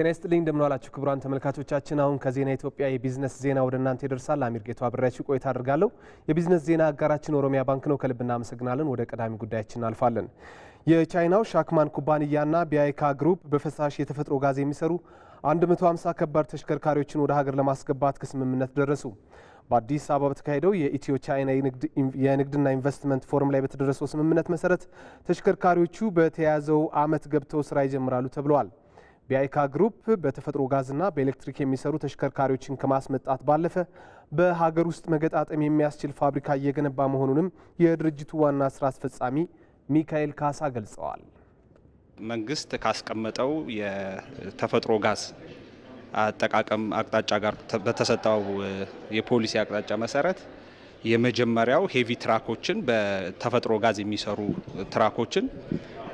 ጤና ይስጥልኝ እንደምን ክቡራን ተመልካቾቻችን። አሁን ከዜና ኢትዮጵያ የቢዝነስ ዜና ወደ እናንተ ይደርሳል። አሚር ጌቱ አብሬያችሁ ቆይታ አድርጋለሁ። የቢዝነስ ዜና አጋራችን ኦሮሚያ ባንክ ነው። ከልብ እናመሰግናለን። ወደ ቀዳሚ ጉዳያችን እናልፋለን። የቻይናው ሻክማን ኩባንያና ቢያይካ ግሩፕ በፈሳሽ የተፈጥሮ ጋዝ የሚሰሩ 150 ከባድ ተሽከርካሪዎችን ወደ ሀገር ለማስገባት ከስምምነት ደረሱ። በአዲስ አበባ በተካሄደው የኢትዮ ቻይና የንግድና ኢንቨስትመንት ፎረም ላይ በተደረሰው ስምምነት መሰረት ተሽከርካሪዎቹ በተያያዘው ዓመት ገብተው ስራ ይጀምራሉ ተብለዋል። ቢአይካ ግሩፕ በተፈጥሮ ጋዝና በኤሌክትሪክ የሚሰሩ ተሽከርካሪዎችን ከማስመጣት ባለፈ በሀገር ውስጥ መገጣጠም የሚያስችል ፋብሪካ እየገነባ መሆኑንም የድርጅቱ ዋና ስራ አስፈጻሚ ሚካኤል ካሳ ገልጸዋል። መንግስት ካስቀመጠው የተፈጥሮ ጋዝ አጠቃቀም አቅጣጫ ጋር በተሰጠው የፖሊሲ አቅጣጫ መሰረት የመጀመሪያው ሄቪ ትራኮችን በተፈጥሮ ጋዝ የሚሰሩ ትራኮችን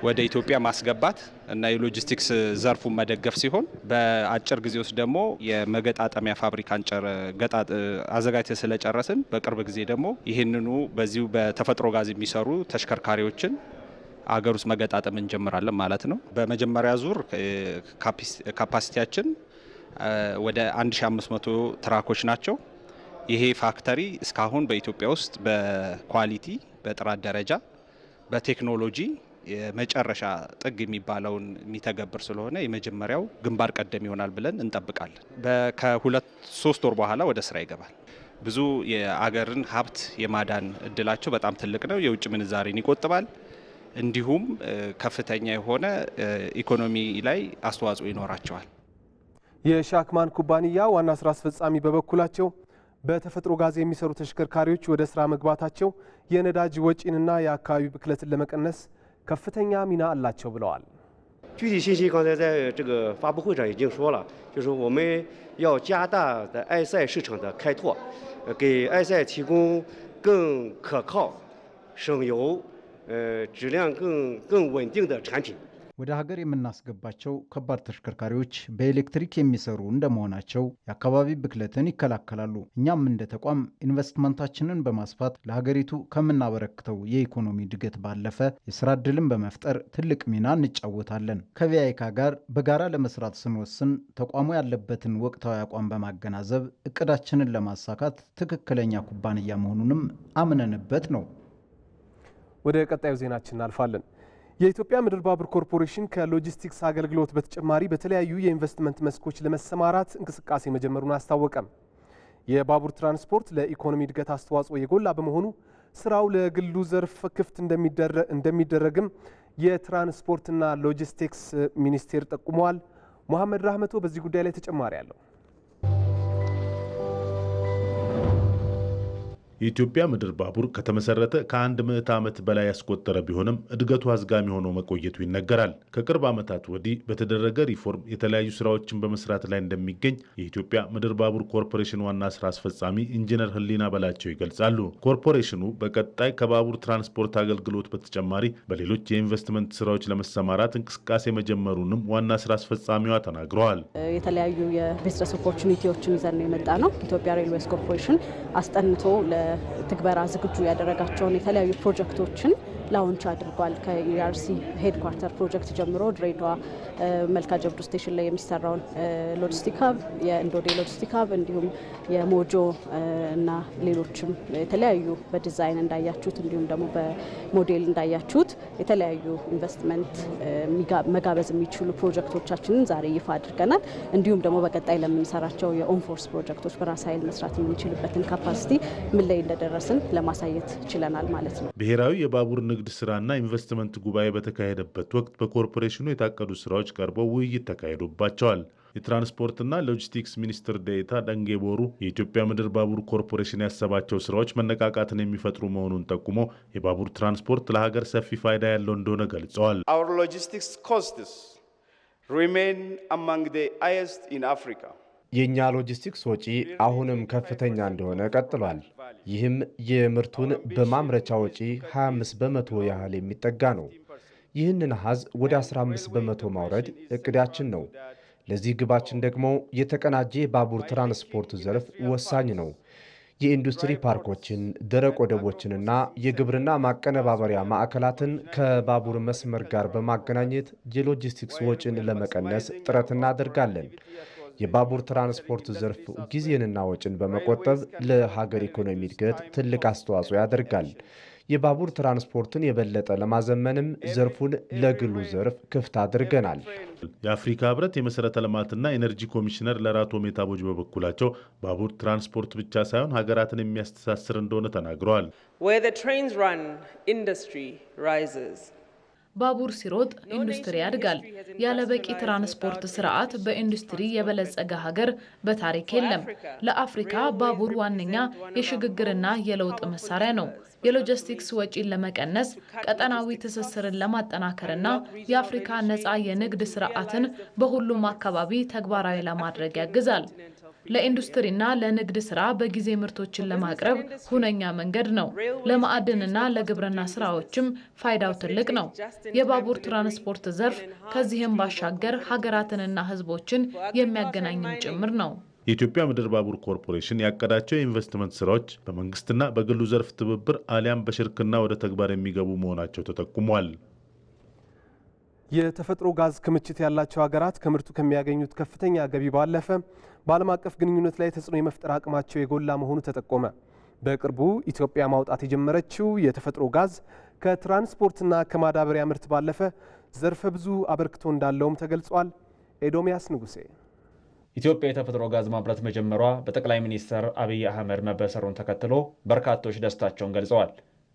ወደ ኢትዮጵያ ማስገባት እና የሎጂስቲክስ ዘርፉን መደገፍ ሲሆን በአጭር ጊዜ ውስጥ ደግሞ የመገጣጠሚያ ፋብሪካን አዘጋጅተ ስለጨረስን በቅርብ ጊዜ ደግሞ ይህንኑ በዚሁ በተፈጥሮ ጋዝ የሚሰሩ ተሽከርካሪዎችን አገር ውስጥ መገጣጠም እንጀምራለን ማለት ነው። በመጀመሪያ ዙር ካፓሲቲያችን ወደ 1500 ትራኮች ናቸው። ይሄ ፋክተሪ እስካሁን በኢትዮጵያ ውስጥ በኳሊቲ በጥራት ደረጃ በቴክኖሎጂ የመጨረሻ ጥግ የሚባለውን የሚተገብር ስለሆነ የመጀመሪያው ግንባር ቀደም ይሆናል ብለን እንጠብቃለን። ከሁለት ሶስት ወር በኋላ ወደ ስራ ይገባል። ብዙ የአገርን ሀብት የማዳን እድላቸው በጣም ትልቅ ነው። የውጭ ምንዛሬን ይቆጥባል። እንዲሁም ከፍተኛ የሆነ ኢኮኖሚ ላይ አስተዋጽኦ ይኖራቸዋል። የሻክማን ኩባንያ ዋና ስራ አስፈጻሚ በበኩላቸው በተፈጥሮ ጋዝ የሚሰሩ ተሽከርካሪዎች ወደ ስራ መግባታቸው የነዳጅ ወጪንና የአካባቢ ብክለትን ለመቀነስ 具体信息刚才在这个发布会上已经说了，就是我们要加大在埃塞市场的开拓，给埃塞提供更可靠、省油、呃质量更更稳定的产品。ወደ ሀገር የምናስገባቸው ከባድ ተሽከርካሪዎች በኤሌክትሪክ የሚሰሩ እንደመሆናቸው የአካባቢ ብክለትን ይከላከላሉ። እኛም እንደ ተቋም ኢንቨስትመንታችንን በማስፋት ለሀገሪቱ ከምናበረክተው የኢኮኖሚ ድገት ባለፈ የስራ እድልን በመፍጠር ትልቅ ሚና እንጫወታለን። ከቪያይካ ጋር በጋራ ለመስራት ስንወስን ተቋሙ ያለበትን ወቅታዊ አቋም በማገናዘብ እቅዳችንን ለማሳካት ትክክለኛ ኩባንያ መሆኑንም አምነንበት ነው። ወደ ቀጣዩ ዜናችን እናልፋለን። የኢትዮጵያ ምድር ባቡር ኮርፖሬሽን ከሎጂስቲክስ አገልግሎት በተጨማሪ በተለያዩ የኢንቨስትመንት መስኮች ለመሰማራት እንቅስቃሴ መጀመሩን አስታወቀም። የባቡር ትራንስፖርት ለኢኮኖሚ እድገት አስተዋጽኦ የጎላ በመሆኑ ስራው ለግሉ ዘርፍ ክፍት እንደሚደረግም የትራንስፖርትና ሎጂስቲክስ ሚኒስቴር ጠቁመዋል። መሐመድ ራህመቶ በዚህ ጉዳይ ላይ ተጨማሪ አለው። የኢትዮጵያ ምድር ባቡር ከተመሰረተ ከአንድ ምዕት ዓመት በላይ ያስቆጠረ ቢሆንም እድገቱ አዝጋሚ ሆኖ መቆየቱ ይነገራል። ከቅርብ ዓመታት ወዲህ በተደረገ ሪፎርም የተለያዩ ስራዎችን በመስራት ላይ እንደሚገኝ የኢትዮጵያ ምድር ባቡር ኮርፖሬሽን ዋና ስራ አስፈጻሚ ኢንጂነር ህሊና በላቸው ይገልጻሉ። ኮርፖሬሽኑ በቀጣይ ከባቡር ትራንስፖርት አገልግሎት በተጨማሪ በሌሎች የኢንቨስትመንት ስራዎች ለመሰማራት እንቅስቃሴ መጀመሩንም ዋና ስራ አስፈጻሚዋ ተናግረዋል። የተለያዩ የቢዝነስ ኦፖርቹኒቲዎችን ይዘን ነው የመጣ ነው። ኢትዮጵያ ሬልዌይስ ኮርፖሬሽን አስጠንቶ ለትግበራ ዝግጁ ያደረጋቸውን የተለያዩ ፕሮጀክቶችን ላውንች አድርጓል። ከኢአርሲ ሄድኳርተር ፕሮጀክት ጀምሮ ድሬዳዋ መልካ ጀብዱ ስቴሽን ላይ የሚሰራውን ሎጂስቲክ ሀብ፣ የእንዶዴ ሎጂስቲክ ሀብ እንዲሁም የሞጆ እና ሌሎችም የተለያዩ በዲዛይን እንዳያችሁት እንዲሁም ደግሞ በሞዴል እንዳያችሁት የተለያዩ ኢንቨስትመንት መጋበዝ የሚችሉ ፕሮጀክቶቻችንን ዛሬ ይፋ አድርገናል። እንዲሁም ደግሞ በቀጣይ ለምንሰራቸው የኦንፎርስ ፕሮጀክቶች በራስ ኃይል መስራት የምንችልበትን ካፓሲቲ ምን ላይ እንደደረስን ለማሳየት ችለናል ማለት ነው። ብሔራዊ የባቡር ንግድ ሥራና ኢንቨስትመንት ጉባኤ በተካሄደበት ወቅት በኮርፖሬሽኑ የታቀዱ ስራዎች ቀርበው ውይይት ተካሂዶባቸዋል። የትራንስፖርትና ሎጂስቲክስ ሚኒስትር ዴኤታ ደንጌ ቦሩ የኢትዮጵያ ምድር ባቡር ኮርፖሬሽን ያሰባቸው ስራዎች መነቃቃትን የሚፈጥሩ መሆኑን ጠቁሞ የባቡር ትራንስፖርት ለሀገር ሰፊ ፋይዳ ያለው እንደሆነ ገልጸዋል። አወር ሎጂስቲክስ ኮስትስ ሪሜን አማንግ ዘ ሃይስት ኢን አፍሪካ የእኛ ሎጂስቲክስ ወጪ አሁንም ከፍተኛ እንደሆነ ቀጥሏል። ይህም የምርቱን በማምረቻ ወጪ 25 በመቶ ያህል የሚጠጋ ነው። ይህንን አሃዝ ወደ 15 በመቶ ማውረድ እቅዳችን ነው። ለዚህ ግባችን ደግሞ የተቀናጀ የባቡር ትራንስፖርት ዘርፍ ወሳኝ ነው። የኢንዱስትሪ ፓርኮችን፣ ደረቅ ወደቦችንና የግብርና ማቀነባበሪያ ማዕከላትን ከባቡር መስመር ጋር በማገናኘት የሎጂስቲክስ ወጪን ለመቀነስ ጥረት እናደርጋለን። የባቡር ትራንስፖርት ዘርፍ ጊዜንና ወጭን በመቆጠብ ለሀገር ኢኮኖሚ እድገት ትልቅ አስተዋጽኦ ያደርጋል። የባቡር ትራንስፖርትን የበለጠ ለማዘመንም ዘርፉን ለግሉ ዘርፍ ክፍት አድርገናል። የአፍሪካ ህብረት የመሰረተ ልማትና ኤነርጂ ኮሚሽነር ለራቶ ሜታቦጅ በበኩላቸው ባቡር ትራንስፖርት ብቻ ሳይሆን ሀገራትን የሚያስተሳስር እንደሆነ ተናግረዋል። ባቡር ሲሮጥ ኢንዱስትሪ ያድጋል። ያለ በቂ ትራንስፖርት ስርዓት በኢንዱስትሪ የበለጸገ ሀገር በታሪክ የለም። ለአፍሪካ ባቡር ዋነኛ የሽግግርና የለውጥ መሳሪያ ነው። የሎጂስቲክስ ወጪን ለመቀነስ፣ ቀጠናዊ ትስስርን ለማጠናከርና የአፍሪካ ነፃ የንግድ ስርዓትን በሁሉም አካባቢ ተግባራዊ ለማድረግ ያግዛል። ለኢንዱስትሪና ለንግድ ስራ በጊዜ ምርቶችን ለማቅረብ ሁነኛ መንገድ ነው። ለማዕድንና ለግብርና ስራዎችም ፋይዳው ትልቅ ነው። የባቡር ትራንስፖርት ዘርፍ ከዚህም ባሻገር ሀገራትንና ህዝቦችን የሚያገናኝም ጭምር ነው። የኢትዮጵያ ምድር ባቡር ኮርፖሬሽን ያቀዳቸው የኢንቨስትመንት ስራዎች በመንግስትና በግሉ ዘርፍ ትብብር አሊያም በሽርክና ወደ ተግባር የሚገቡ መሆናቸው ተጠቁሟል። የተፈጥሮ ጋዝ ክምችት ያላቸው ሀገራት ከምርቱ ከሚያገኙት ከፍተኛ ገቢ ባለፈ በዓለም አቀፍ ግንኙነት ላይ ተጽዕኖ የመፍጠር አቅማቸው የጎላ መሆኑ ተጠቆመ። በቅርቡ ኢትዮጵያ ማውጣት የጀመረችው የተፈጥሮ ጋዝ ከትራንስፖርትና ከማዳበሪያ ምርት ባለፈ ዘርፈ ብዙ አበርክቶ እንዳለውም ተገልጿል። ኤዶሚያስ ንጉሴ ኢትዮጵያ የተፈጥሮ ጋዝ ማምረት መጀመሯ በጠቅላይ ሚኒስትር አብይ አህመድ መበሰሩን ተከትሎ በርካቶች ደስታቸውን ገልጸዋል።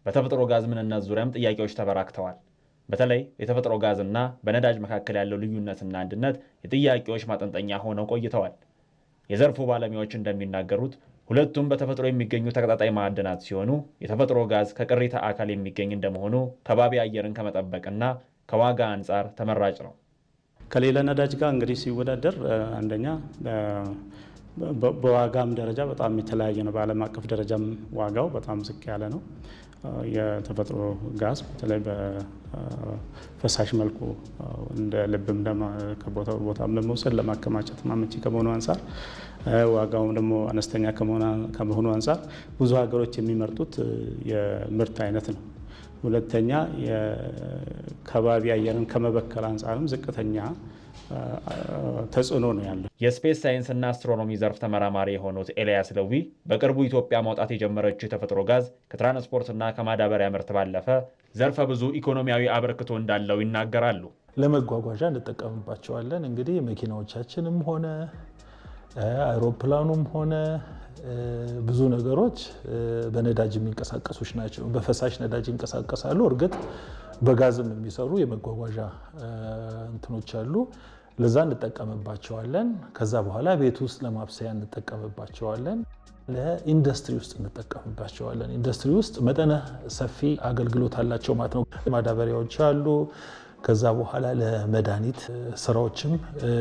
በተፈጥሮ ጋዝ ምንነት ዙሪያም ጥያቄዎች ተበራክተዋል። በተለይ የተፈጥሮ ጋዝና በነዳጅ መካከል ያለው ልዩነትና አንድነት የጥያቄዎች ማጠንጠኛ ሆነው ቆይተዋል። የዘርፉ ባለሙያዎች እንደሚናገሩት ሁለቱም በተፈጥሮ የሚገኙ ተቀጣጣይ ማዕድናት ሲሆኑ የተፈጥሮ ጋዝ ከቅሪተ አካል የሚገኝ እንደመሆኑ ከባቢ አየርን ከመጠበቅና ከዋጋ አንጻር ተመራጭ ነው። ከሌላ ነዳጅ ጋር እንግዲህ ሲወዳደር አንደኛ በዋጋም ደረጃ በጣም የተለያየ ነው። በዓለም አቀፍ ደረጃም ዋጋው በጣም ዝቅ ያለ ነው። የተፈጥሮ ጋዝ በተለይ በፈሳሽ መልኩ እንደ ልብም ከቦታ ቦታም ለመውሰድ ለማከማቸት ማመቺ ከመሆኑ አንጻር ዋጋውም ደግሞ አነስተኛ ከመሆኑ አንጻር ብዙ ሀገሮች የሚመርጡት የምርት አይነት ነው። ሁለተኛ ከባቢ አየርን ከመበከል አንጻርም ዝቅተኛ ተጽዕኖ ነው ያለ። የስፔስ እና አስትሮኖሚ ዘርፍ ተመራማሪ የሆኑት ኤልያስ ለዊ በቅርቡ ኢትዮጵያ ማውጣት የጀመረችው የተፈጥሮ ጋዝ ከትራንስፖርትና ከማዳበሪያ ምርት ባለፈ ዘርፈ ብዙ ኢኮኖሚያዊ አበርክቶ እንዳለው ይናገራሉ። ለመጓጓዣ እንጠቀምባቸዋለን። እንግዲህ መኪናዎቻችንም ሆነ አይሮፕላኑም ሆነ ብዙ ነገሮች በነዳጅ የሚንቀሳቀሱች ናቸው። በፈሳሽ ነዳጅ ይንቀሳቀሳሉ እርግጥ በጋዝም የሚሰሩ የመጓጓዣ እንትኖች አሉ። ለዛ እንጠቀምባቸዋለን። ከዛ በኋላ ቤት ውስጥ ለማብሰያ እንጠቀምባቸዋለን። ለኢንዱስትሪ ውስጥ እንጠቀምባቸዋለን። ኢንዱስትሪ ውስጥ መጠነ ሰፊ አገልግሎት አላቸው ማለት ነው። ማዳበሪያዎች አሉ። ከዛ በኋላ ለመድኃኒት ስራዎችም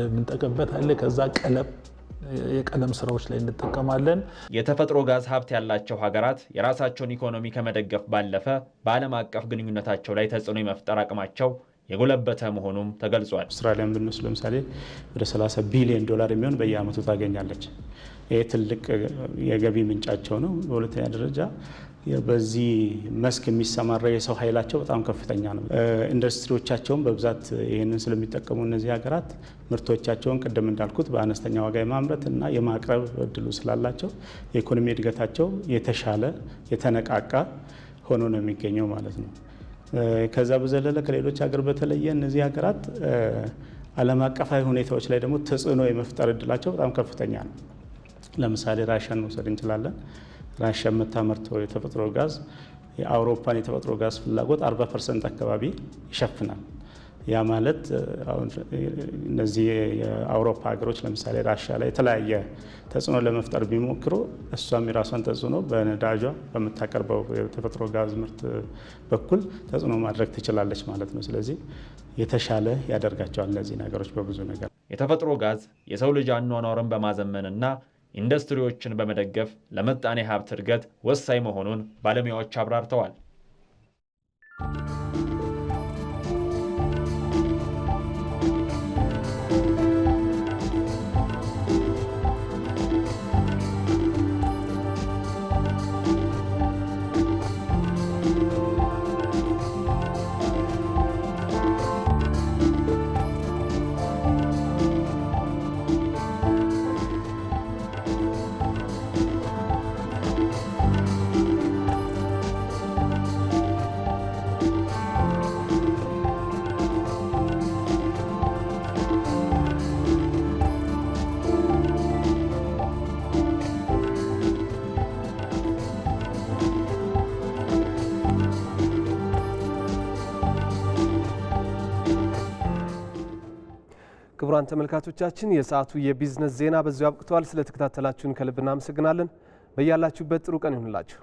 የምንጠቀምበት አለ። ከዛ ቀለም የቀለም ስራዎች ላይ እንጠቀማለን። የተፈጥሮ ጋዝ ሀብት ያላቸው ሀገራት የራሳቸውን ኢኮኖሚ ከመደገፍ ባለፈ በዓለም አቀፍ ግንኙነታቸው ላይ ተጽዕኖ የመፍጠር አቅማቸው የጎለበተ መሆኑም ተገልጿል። አውስትራሊያን ብንወስድ ለምሳሌ ወደ 30 ቢሊዮን ዶላር የሚሆን በየአመቱ ታገኛለች። ይህ ትልቅ የገቢ ምንጫቸው ነው። በሁለተኛ ደረጃ በዚህ መስክ የሚሰማራው የሰው ኃይላቸው በጣም ከፍተኛ ነው። ኢንዱስትሪዎቻቸውን በብዛት ይህንን ስለሚጠቀሙ እነዚህ ሀገራት ምርቶቻቸውን ቅድም እንዳልኩት በአነስተኛ ዋጋ የማምረት እና የማቅረብ እድሉ ስላላቸው የኢኮኖሚ እድገታቸው የተሻለ የተነቃቃ ሆኖ ነው የሚገኘው ማለት ነው። ከዛ በዘለለ ከሌሎች ሀገር በተለየ እነዚህ ሀገራት ዓለም አቀፋዊ ሁኔታዎች ላይ ደግሞ ተጽዕኖ የመፍጠር እድላቸው በጣም ከፍተኛ ነው። ለምሳሌ ራሽያን መውሰድ እንችላለን። ራሽያ የምታመርተው የተፈጥሮ ጋዝ የአውሮፓን የተፈጥሮ ጋዝ ፍላጎት 40 ፐርሰንት አካባቢ ይሸፍናል። ያ ማለት እነዚህ የአውሮፓ ሀገሮች ለምሳሌ ራሽያ ላይ የተለያየ ተጽዕኖ ለመፍጠር ቢሞክሩ እሷም የራሷን ተጽዕኖ በነዳጇ በምታቀርበው የተፈጥሮ ጋዝ ምርት በኩል ተጽዕኖ ማድረግ ትችላለች ማለት ነው። ስለዚህ የተሻለ ያደርጋቸዋል እነዚህ ነገሮች በብዙ ነገር የተፈጥሮ ጋዝ የሰው ልጅ አኗኗርን በማዘመንና ኢንዱስትሪዎችን በመደገፍ ለምጣኔ ሀብት እድገት ወሳኝ መሆኑን ባለሙያዎች አብራርተዋል። ክቡራን ተመልካቾቻችን የሰዓቱ የቢዝነስ ዜና በዚሁ አብቅተዋል። ስለተከታተላችሁን ከልብ እናመሰግናለን። በያላችሁበት ጥሩ ቀን ይሁንላችሁ።